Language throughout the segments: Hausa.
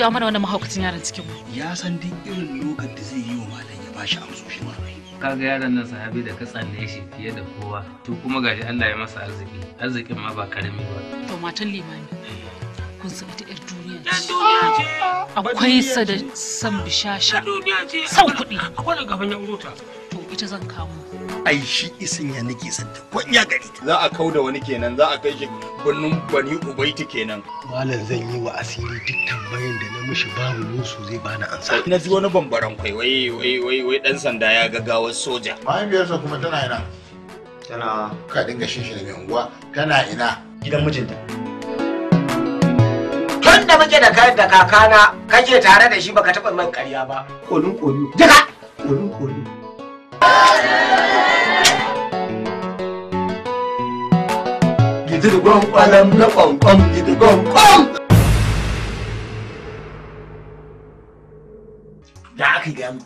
jawo mana wannan mahaukacin yaron cikin mu ya san duk irin lokacin da zai yi wa malam ya bashi shi ma. kaga yaron nan sahabi da ka tsalle shi fiye da kowa to kuma gashi Allah ya masa arziki arzikin ma ba karami ba to matan limami kun san ita yar duniya ce akwai sa da san bishasha san kuɗi akwai gaban ya to ita zan kawo ai shi isin ya nake santa ko ya gari za a kauda wani kenan za a kai shi birnin bani ubaiti kenan malam zan yi wa asiri duk tambayin da na mishi babu musu zai bani ansa na ji wani bambaran kai wai wai wai wai dan sanda ya ga gawar soja mahaifiyarsa kuma tana ina tana ka dinga shin shi da mai unguwa tana ina gidan mijinta tun da muke da kayan da kakana kake tare da shi baka taɓa man ƙarya ba kolin koli duka kolin koli jirgon kwalam na kwankwam jirgon kwam da aka gaya mu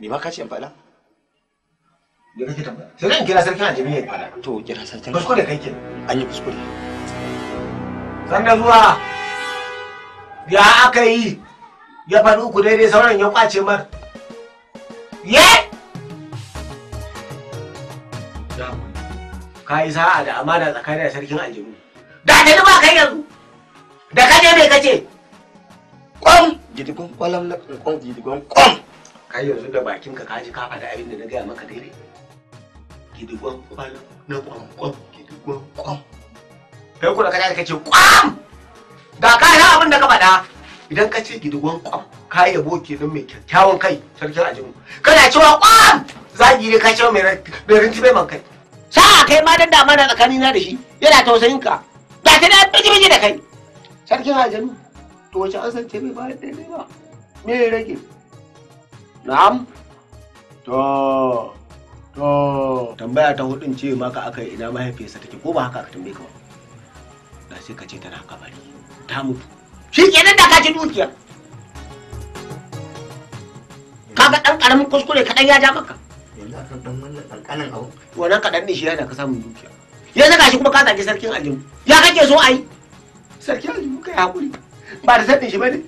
me ma ka ce in faɗa ya kake tambaya sai zan kira sarkin ajami ya faɗa to kira sarkin kuskure kai kenan an yi kuskure sanda zuwa ya aka yi ya faɗi uku daidai sauran ya kwace mar ye ka yi sa'a da amana tsakani da sarkin aljanu da yi ba kai yanzu da ka je mai kace kwam gidigon kwalam na kwam gidigon kwam kai yanzu da bakin ka kaji ka faɗa abin da na gaya maka daidai gidigon kwalam na kwam kwam gidigon kwam kai kuma ka kace kwam da ka yi abin da ka faɗa idan ka ce gidigon kwam ka yabo kenan mai kyakkyawan kai sarkin aljanu kana cewa kwam zagi ne ka cewa mai rintibe man kai sa'a kai ma dan damana tsakanin na da shi yana tausayin ka ga ta da biji biji da kai sarkin aljanu to wace an san ce bai bayar da ba me ya rage na'am to to tambaya ta hudun ce maka aka ina mahaifiyarsa take ko ba haka aka tambaye ka ba da sai ka ce tana kabari ta mutu shi kenan da ka ci dukiyar kaga dan karamin kuskure kaɗan ya ja maka yanzu akan dan wannan kankanin abu wannan kadan ne shi yana ka samun dukiya ya saka shi kuma ka zage sarkin aljihu ya kake so ai sarkin aljihu kai hakuri ba da sadin shi bane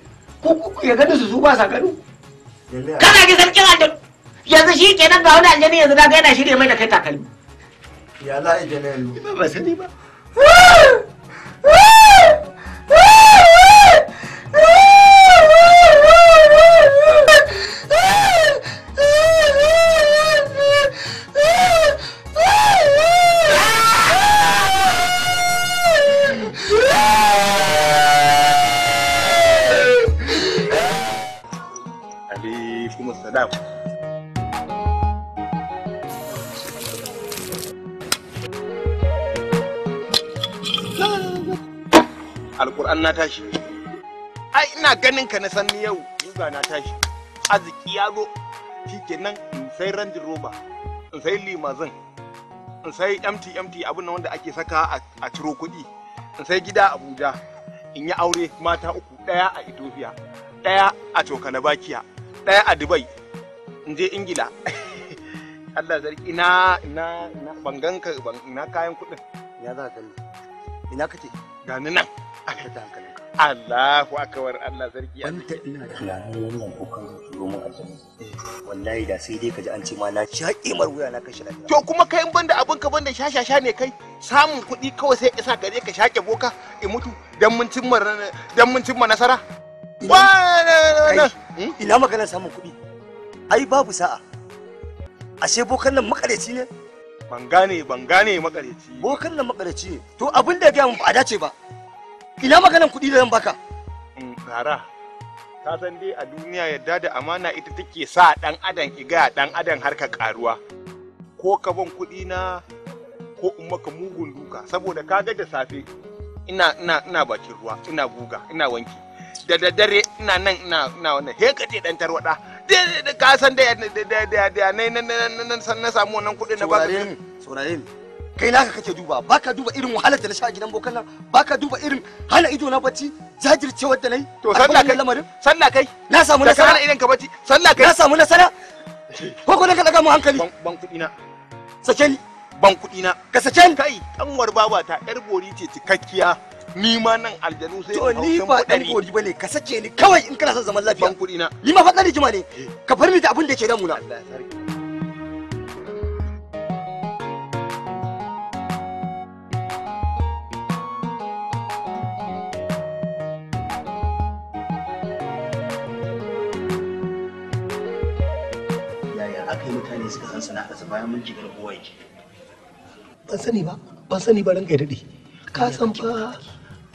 ku ya gani su su ba sa gani ka zage sarkin aljihu yanzu shi kenan ga wani aljani yanzu daga yana shirye mai da kai takalmi ya la'i janar ba sani ba salam quran na tashi ai ina ganin ka na sanni yau yuga na tashi arziki ya zo shikenan in sai ranjin roba in sai limazin in sai empty empty abin nan wanda ake saka a ciro kuɗi in sai gida abuja in yi aure mata uku ɗaya a ethiopia ɗaya a cokalabakiya ɗaya a dubai in je ingila Allah zarki na na bangan ka na kayan kudin, ya za ka ina kace ga ni nan aka ta hankali Allahu akbar Allah zarki an ta ina tunanin wannan ukan zuwa mu aljanna wallahi da sai dai kaji an ce ma na shaƙe mar wuya na kashi lafiya to kuma kai in banda abin ka banda sha-sha-sha ne kai samun kuɗi kawai sai isa ka ka shaƙe boka I mutu dan mun cimma dan mun cimma nasara ina maganar samun kuɗi ai babu sa'a ashe bokan nan makareci ne ban gane ban gane makareci bokan nan makareci ne to abin da ya gaya min ba a dace ba ina maganan kuɗi da zan baka in mm, kara ka san dai a duniya yadda da amana ita take sa dan adam iga dan adam har ka karuwa ko ka ban kuɗi na ko in maka mugun duka saboda ka ga da safe ina ina ina bakin ruwa ina guga ina wanki da daddare ina nan ina ina wannan he ka ce dan tarwada da ka san da na samu wannan kuɗin na baka saurare ni kai naka kake duba baka duba irin wahalar da na sha a gidan bokan baka duba irin hana ido na bacci jajircewar da nayi to sallah kai lamarin sallah kai na samu nasara da irin ka bacci sallah kai na samu nasara ko ko ka daga mu hankali ban kuɗi na ban kuɗi na ka sake kai kanwar babata yar bori ce cikakkiya ni ma nan aljanu sai to ni ba dan gori bane ka sace ni kawai in kana son zaman lafiya ban kudi na ni ma fa tsari jima ne eh. ka bar ni da abin da yake damuna Allah sarki mutane suka san sana'ar bayan mun jigar kowa ban sani ba ban sani ba ranka ya dade ka san fa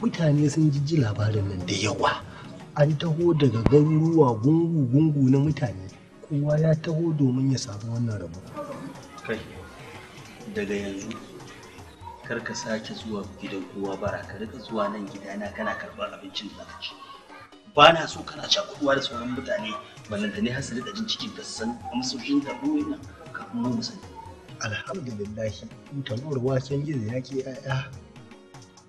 mutane sun ji ji labarin nan da yawa an taho daga garuruwa gungu-gungu na mutane kowa ya taho domin ya samu wannan rabo kai daga yanzu kar ka sake zuwa gidan kowa bara ka rika zuwa nan gidana kana karɓar abincin da ka ci ba na so kana cakuduwa da sauran mutane balanta ne har su rika jin cikin gassan amsoshin zaɓen nan kafin mu sani alhamdulillah mutanen ruwa can ya ke 'ya'ya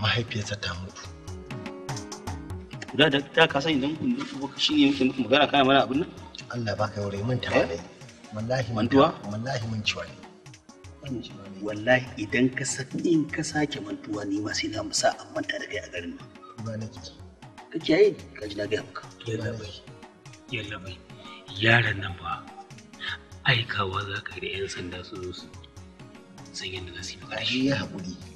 mahaifiyarsa ta mutu da da ta ka san idan shi ne yake muku magana kana mana abin nan Allah ba ka yaure mun wallahi mantuwa eh? wallahi mun ne wallahi idan ka in ka sake mantuwa ni ma sai na musa an manta da kai a garin nan ba ke. ka kiyaye ka ji na gaya maka yalla bai yalla bai yaran nan ba aikawa za ka da yan sanda su zo su san yadda za su yi shi ya haƙuri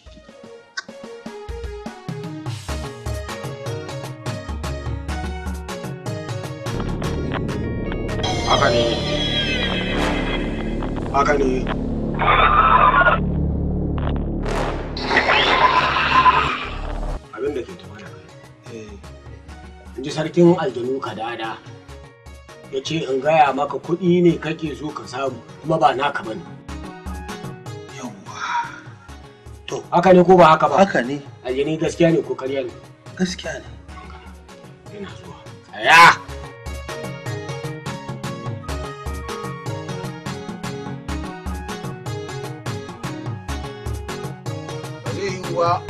haka ne haka ne ke eh, ji sarkin aljanu kadada ya ce in gaya maka kuɗi ne kake so ka samu kuma ba naka bane to haka ne ko ba haka ba haka ne aljani gaskiya ne ko karya ne gaskiya ne yana zuwa ruwa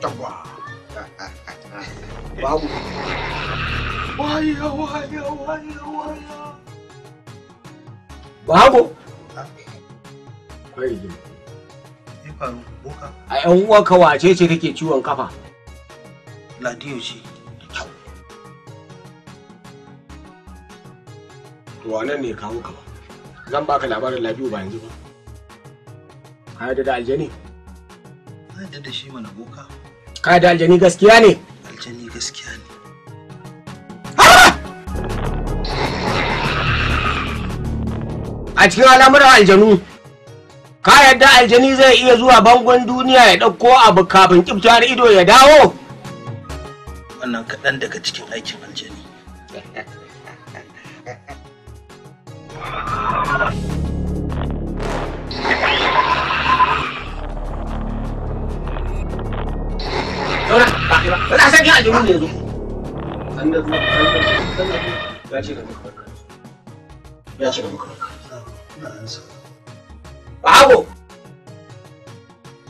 tagwa babu a yan uwa wace ce kake ciwon kafa ladiyo ce to ne kawo ka zan baka labarin Labiu ba yanzu ba Ka yadda aljani? da mana boka. aljani gaskiya ne? Aljani gaskiya ne. A cikin al'amuran aljanu, ka yadda aljani zai iya zuwa bangon duniya ya ɗauko abu kafin kibtar ido ya dawo? Wannan kaɗan daga cikin aikin aljani. ba na san yana jimin yanzu an ya ce da ya ce da babu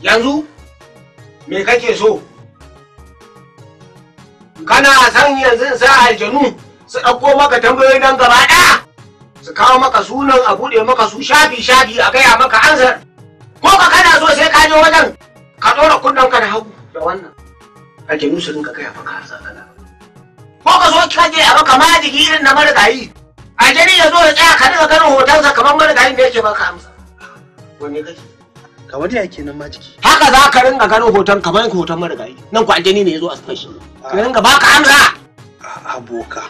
yanzu me kake so kana san yanzu sa aljanu su ɗauko maka tambayoyi nan gaba ɗaya su kawo maka sunan a buɗe maka su shafi shafi a gaya maka ansar ko ka kana so sai ka je wajen ka ɗora kunnen ka da hagu da wannan ake musu rinka gaya maka har zakana ko ka zo ka je a maka majigi irin na marigayi aljani ya zo ya tsaya ka rinka ganin hotonsa kamar marigayin da yake baka amsa wanne kake yake nan ma ciki haka za ka rinka ganin hoton kamar hoton marigayi nan ku aljani ne ya zo a sufai ka rinka baka amsa aboka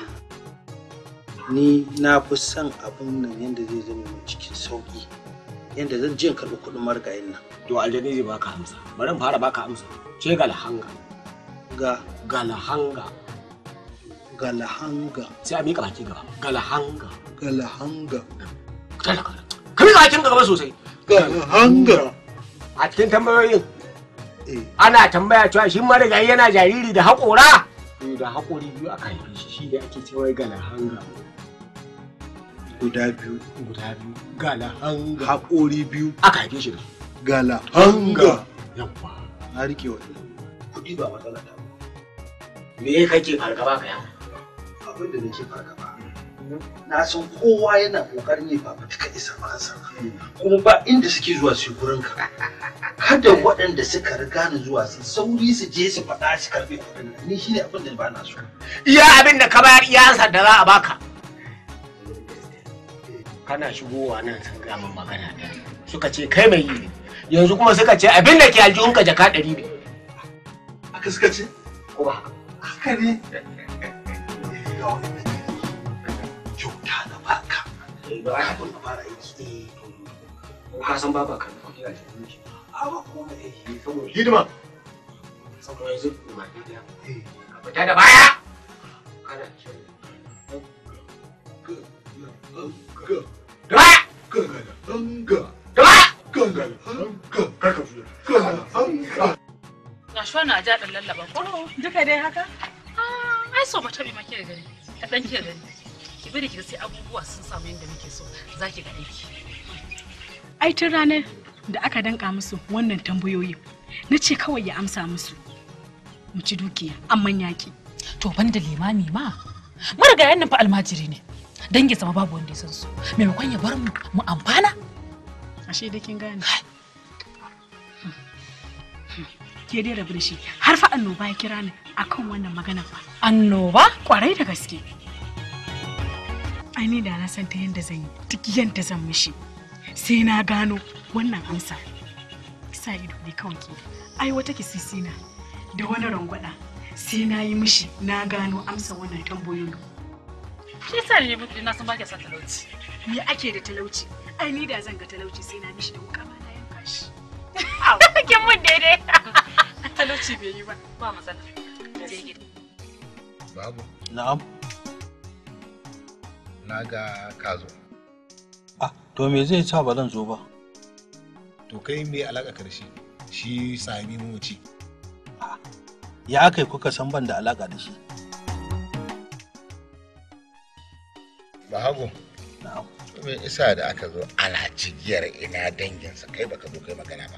ni na fi son abin nan yadda zai zama mai cikin sauƙi yadda zan je karɓi kuɗin marigayin nan to aljani zai baka amsa bari fara baka amsa ce ga alhanga ga galahanga galahanga sai a miƙa baki gaba galahanga galahanga ka miƙa bakin gaba sosai galahanga a cikin tambayoyin eh. ana tambaya cewa shi marigayi yana jariri da haƙora da haƙori biyu aka kai shi shi da ake cewa galahanga guda biyu guda biyu galahanga haƙori biyu aka kai shi da galahanga yawa na riƙe wannan kuɗi ba matsala ta me kake fargaba ka yamu abin da nake fargaba na san kowa yana kokarin yi baba duka isa ba kuma ba inda suke zuwa su gurin ka kada waɗanda suka riga ni zuwa su sauri su je su faɗa su karɓe kuɗin ni shine abin da ba na so iya abin da ka bayar iya ansar da za a baka kana shigowa nan sun gama magana da suka ce kai mai yi ne yanzu kuma suka ce abin da ke aljihunka jaka ɗari ne aka suka ce ko ba haka haka ne kyauta na baka kafin na fara eh, ka san baba kan eh, hidima saboda eh. da baya Na a jaɗin lallaba ko duka dai haka? dan kika ki bari ki sai abubuwa sun samu yadda muke so za ki ga aiki ai tun ranar da aka danka musu wannan tambayoyin na ce kawai ya amsa musu mu ci dukiya amman yaki to banda limami ma marga nan fa almajiri ne dan ya zama babu wanda ya san su maimakon ya bar mu mu amfana ashe da kin gane ke dai rabu da shi har fa annoba ya kira ni akan wannan magana annoba kwarai da gaske ni da na san ta yanda zan yi duk yanda zan mishi sai na gano wannan amsa sa ido ne kawai ke ai wata ki sisina da wani rangwada sai na yi mishi na gano amsa wannan tambayoyin ki sa ne mutu na san baki san talauci me ake da talauci ai ni da zan ga talauci sai na mishi da wuka ma na yanka shi kin mun daidai talauci bai yi ba ba masana. babu na'am na ga ka zo ah to me zai sa ba zan zo ba to kai me alaka karshe shi sami ci. Ah, ya aka kuka san ban da alaka da shi ba hagu me isa da aka zo ana jigiyar ina danginsa kai baka zo kai magana ba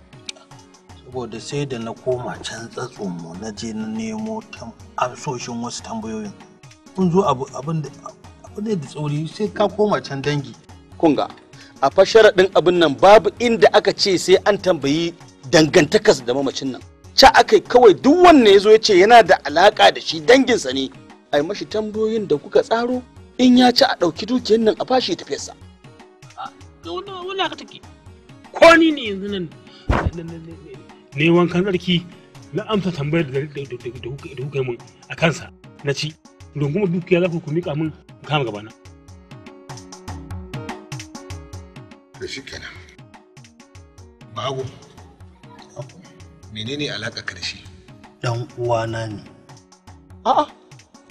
saboda sai da na koma can mu na je na nemo amsoshin wasu tambayoyin kun zo abin da zai da tsori sai ka koma can dangi kunga a fashara din abin nan babu inda aka ce sai an tambayi dangantakas da mamacin nan ca aka kawai duk wanne ya zo ya ce yana da alaƙa da shi danginsa ne a mashi tambayoyin da kuka tsaro in ya ci a ɗauki dukiyar nan a fashi tafiyarsa. Wala ko ni ne yanzu nan ne wankan tsarki na amsa tambayar da kuka yi min a kansa na ci rungumar dukiya za ku ku miƙa min kama na. Da shi kenan babu menene alaka shi? dan uwana ne a'a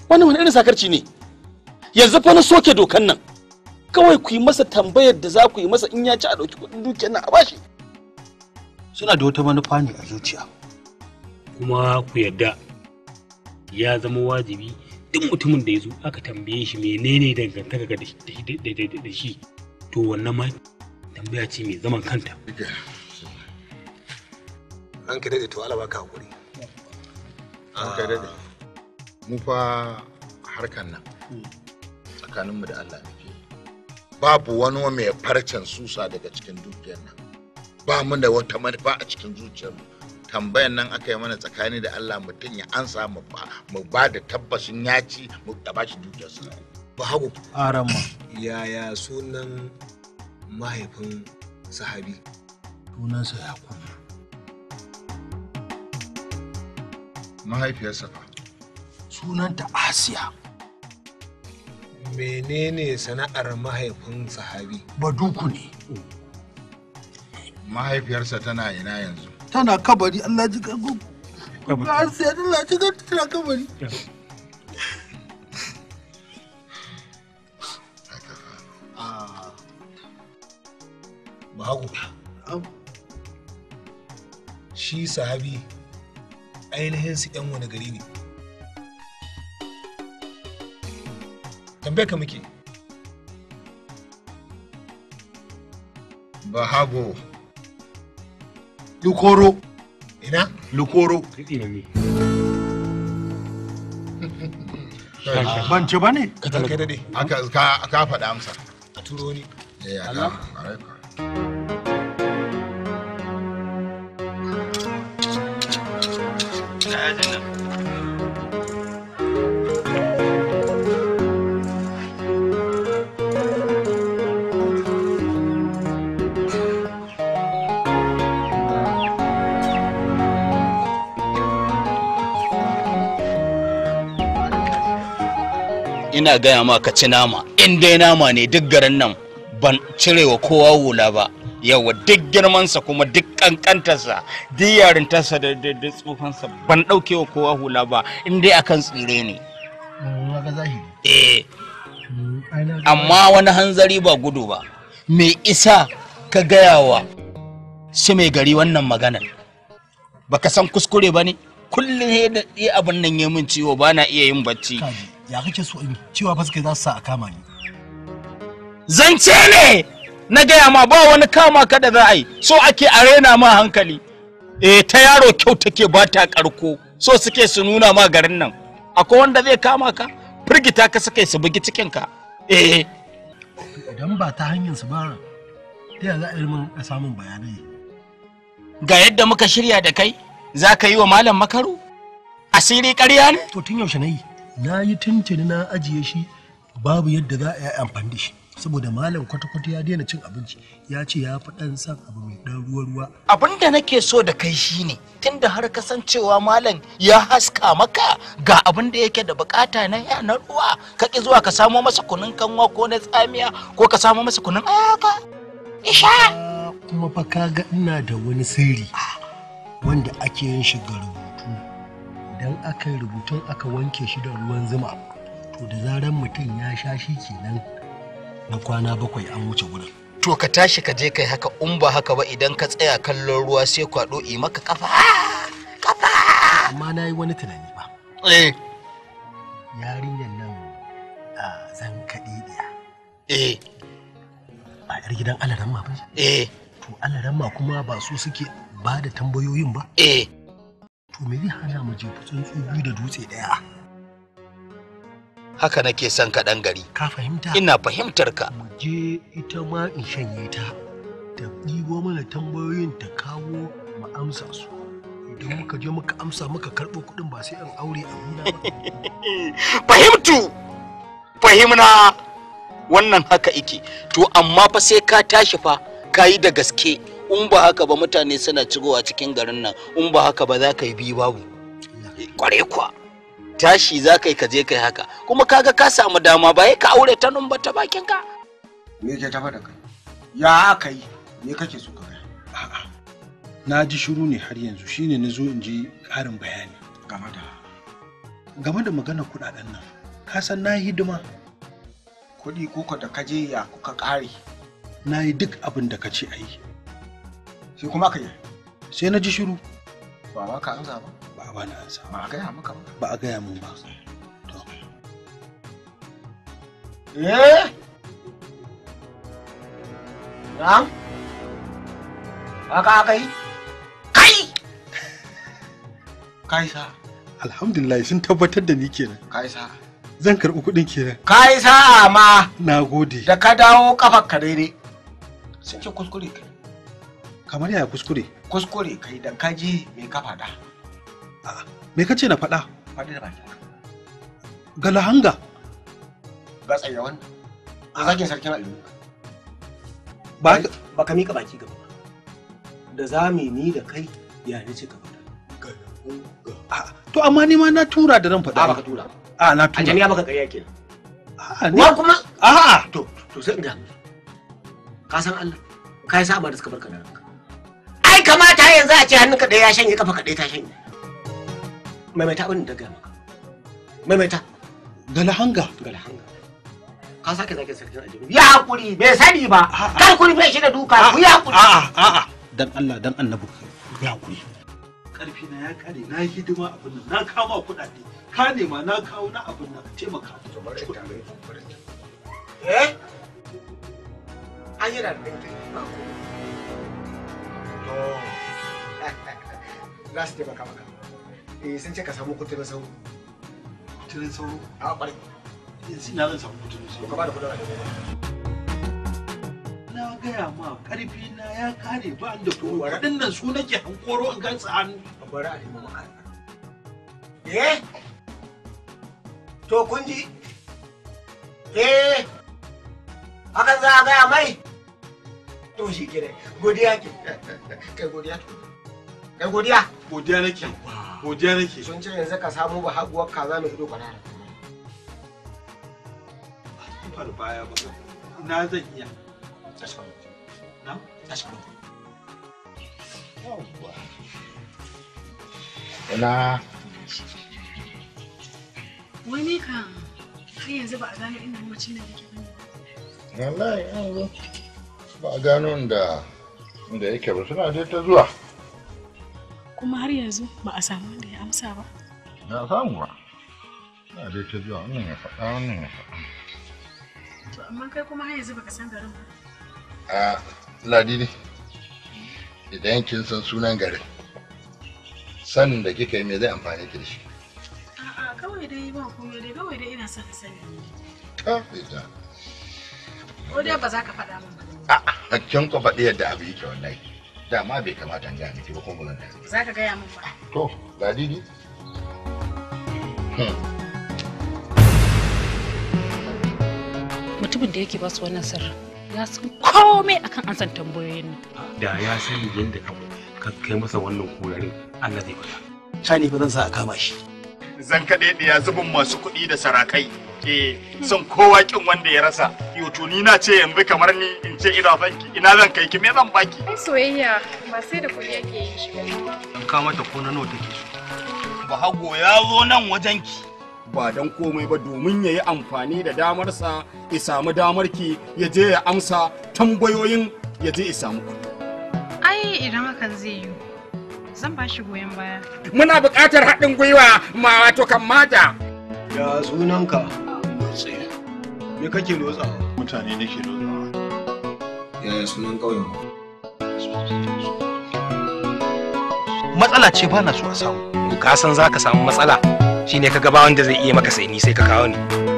wannan wani irin sakarci ne yanzu fa na soke dokan nan kawai ku yi masa tambayar da za ku yi masa in ya ci a ɗauki kuɗin dukiyar nan a bashi suna da wata manufa ne a zuciya kuma ku yarda ya zama wajibi duk mutumin da ya zo aka tambaye shi menene dangantaka da shi to wannan ma tambaya ce mai zaman kanta an ka daɗe to alaba ka hakuri an ka ah, daɗe mu fa harkan nan hmm. tsakaninmu da Allah muke babu wani mai farcen susa daga cikin dukiyar nan ba mu da wata manufa a cikin zuciyarmu tambayan nan aka yi mana tsakani da Allah mutum ya ansa mu ba da tabbacin ya ci mu da ba shi dukiyarsa ba hagu arama yaya sunan mahaifin sahabi sunansa kuma. mahaifiyarsa fa sunanta asiya menene sana'ar mahaifin sahabi baduku ne mahaifiyarsa tana ina yanzu tana kabari Allah ji gugu har sai Allah ji tana kabari Mahago ah. shi sahabi ainihin su yan wani gari ne tambayar ka muke Bahago Lukoro. Ina? Lukoro. Ban ci ba ne? Ka faɗa amsa. A turo ni. Eh, ina gaya ma ka ci nama in dai nama ne duk garin nan ban cire wa kowa wula ba yawa duk girmansa kuma duk kankantarsa duk yarintarsa da tsofansa ban ɗauke wa kowa hula ba in dai akan tsire ne eh. amma wani hanzari ba gudu ba mai isa ka gayawa shi mai gari wannan maganar baka san kuskure ba ne kullum ya abin nan ya min ciwo ba na iya yin bacci ya kake so in cewa ba suke za su sa a kama ni zance ne na gaya ma ba wani kama ka da za a yi so ake a rena ma hankali eh ta yaro kyau take ba ta karko so suke su nuna ma garin nan akwai wanda zai kama ka firgita ka suke su bugi cikin ka eh idan ba ta hanyar su ba ta yaya za a yi min a samun bayanai ga yadda muka shirya da kai za ka yi wa malam makaru asiri ƙarya ne to tun yaushe na yi na yi tuntuni na ajiye shi babu yadda za a yi amfani da shi saboda malam kwata-kwata ya daina cin abinci ya ce ya fi ɗan san abu mai ɗan ruwa-ruwa. abin da nake so da kai shi shine tunda har ka san cewa malam ya haska maka ga abin da yake da bukata na yanar ruwa ka ki zuwa ka samo masa kunun kanwa ko na tsamiya ko ka samo masa kunun ayaka isha kuma fa kaga ina da wani sirri wanda ake yin shi idan aka yi rubutun aka wanke shi da ruwan zuma to da zaran mutum ya sha shi kenan na kwana bakwai an wuce gudun. to ka tashi ka je kai haka in ba haka ba idan ka tsaya kallon ruwa sai kwado i maka kafa kafa amma na yi wani tunani ba eh yarinyar nan a zan kaɗi ɗaya eh a yar gidan alaramma ba eh to alaramma kuma ba su suke ba da tambayoyin ba eh to me zai hana mu jefa tsuntsu biyu da dutse ɗaya haka nake son ka ɗan gari ka fahimta ina fahimtar ka mu je ita ma in shanye ta ta ɗibo mana tambayoyin ta kawo mu amsa su idan muka je muka amsa muka karɓo kuɗin ba sai an aure a nuna ba fahimtu fahimna wannan haka ike to amma fa sai ka tashi fa ka yi da gaske in ba haka ba mutane suna cigowa cikin garin nan in ba haka ba za ka yi biyu babu kware kuwa tashi za ka yi ka je kai haka kuma kaga ka samu dama ba ka aure ta nun ba ta bakin ka me ke tafa da kai ya aka yi me kake so ka a'a na ji shiru ne har yanzu shine na zo in ji harin bayani game da game da maganar kuɗaɗen nan ka san na hidima kuɗi koko da kaje ya kuka ƙare na yi duk abin da ka ce a yi sai kuma ka yi sai na ji shiru ba ba ka amsa ba ba a bani amsa ba a gaya maka ba ba a gaya mun ba to eh na haka aka yi kai kai sa alhamdulillah sun tabbatar da ni kenan kai sa zan karɓi kuɗin kenan kai sa ma na gode da ka dawo kafar ka daidai sun ce kuskure kai kamar yaya kuskure kuskure kai da kaji me ka fada. a'a me ce na faɗa faɗi da baki galahanga ga tsaye wannan da zakin sarkin aliyu ba ka mika baki gaba da za mu ni da kai ya ni ce ka faɗa to amma ni ma na tura da ran faɗa a ka tura a na tura a jami'a baka ƙarya kenan wa kuma a'a to to sai in ga ka san Allah ka yi saba da suka barka da ta yanzu a ce hannunka ka ya shanye kafa ka ta shanye maimaita abin da ga maka maimaita galahanga galahanga ka sake zaki sarkin ajibi ya hakuri bai sani ba kar kuri rufe shi da duka ku ya hakuri a'a a'a dan Allah dan annabu. ya hakuri karfi na ya kare na hidima abin nan na kama kuɗaɗe ka nema na kawo na abin nan taimaka eh an yi da ɗin Oh. za su taimaka maka eh sun ce ka samu kuturin sauro kuturin sauro a ah, ƙwarai yanzu ina zan samu kuturin sauro ka ba da kudin na gaya ma karfi na ya kare ba da kuma waɗannan su nake hankoro in gansu hannu a bari a nemi ma'ana eh to kun ji eh hakan za a gaya mai to shi kenan godiya ke kai godiya to. Kai godiya? Godiya nake. Godiya nake. Sun ce yanzu ka samu ba haguwar kaza mai ido kwanara. Ba baya ba. Na zan iya. Tashi kwanu. Na? Tashi kwanu. Yawwa. Ina. Wani ka har yanzu ba a gano inda mamacin da yake ba. Wallahi yanzu ba a gano inda inda yake ba suna dai ta zuwa. kuma har yanzu ba a samu wanda ya amsa ba na samu ba na dai ta zuwa wannan ya faɗa wannan ya faɗa to amma kai kuma har yanzu baka san garin ba a ladidi idan kin san sunan garin sanin da kika yi me zai amfani ki da shi a'a kawai dai ba komai dai kawai dai ina son sani ka fita ko dai ba za ka faɗa min ba a'a hakkin ko faɗi yadda abu yake wallahi dama bai kamata in gaya miki ba ko bulan za ka gaya min ba to ga didi hmm. mutumin da yake ba su wannan sirri ya san komai akan an san tambayoyin nan da ya yin yadda ka kai masa wannan kurarin Allah zai kula Shani fa zan sa a kama shi zan kaɗe ya zubin masu kuɗi da sarakai eh son kowa kin wanda ya rasa yo to ni na ce yanzu kamar ni in ce ina son ki ina zan kai ki me zan baki ai soyayya ba sai da kuri yake yin shi ka mata ko na nawa take so ba hago ya zo nan wajen ki ba don komai ba domin ya yi amfani da damarsa ya samu damar ki ya je ya amsa tambayoyin ya je ya samu kuɗi ai idan hakan zai yi. zan ba shi goyon baya muna buƙatar haɗin gwiwa ma wato kan mata ya sunanka me kake mutane matsala ce ba na so a samu ka san za ka samu matsala shine ka gaba wanda zai iya maka sai ni sai ka kawo ni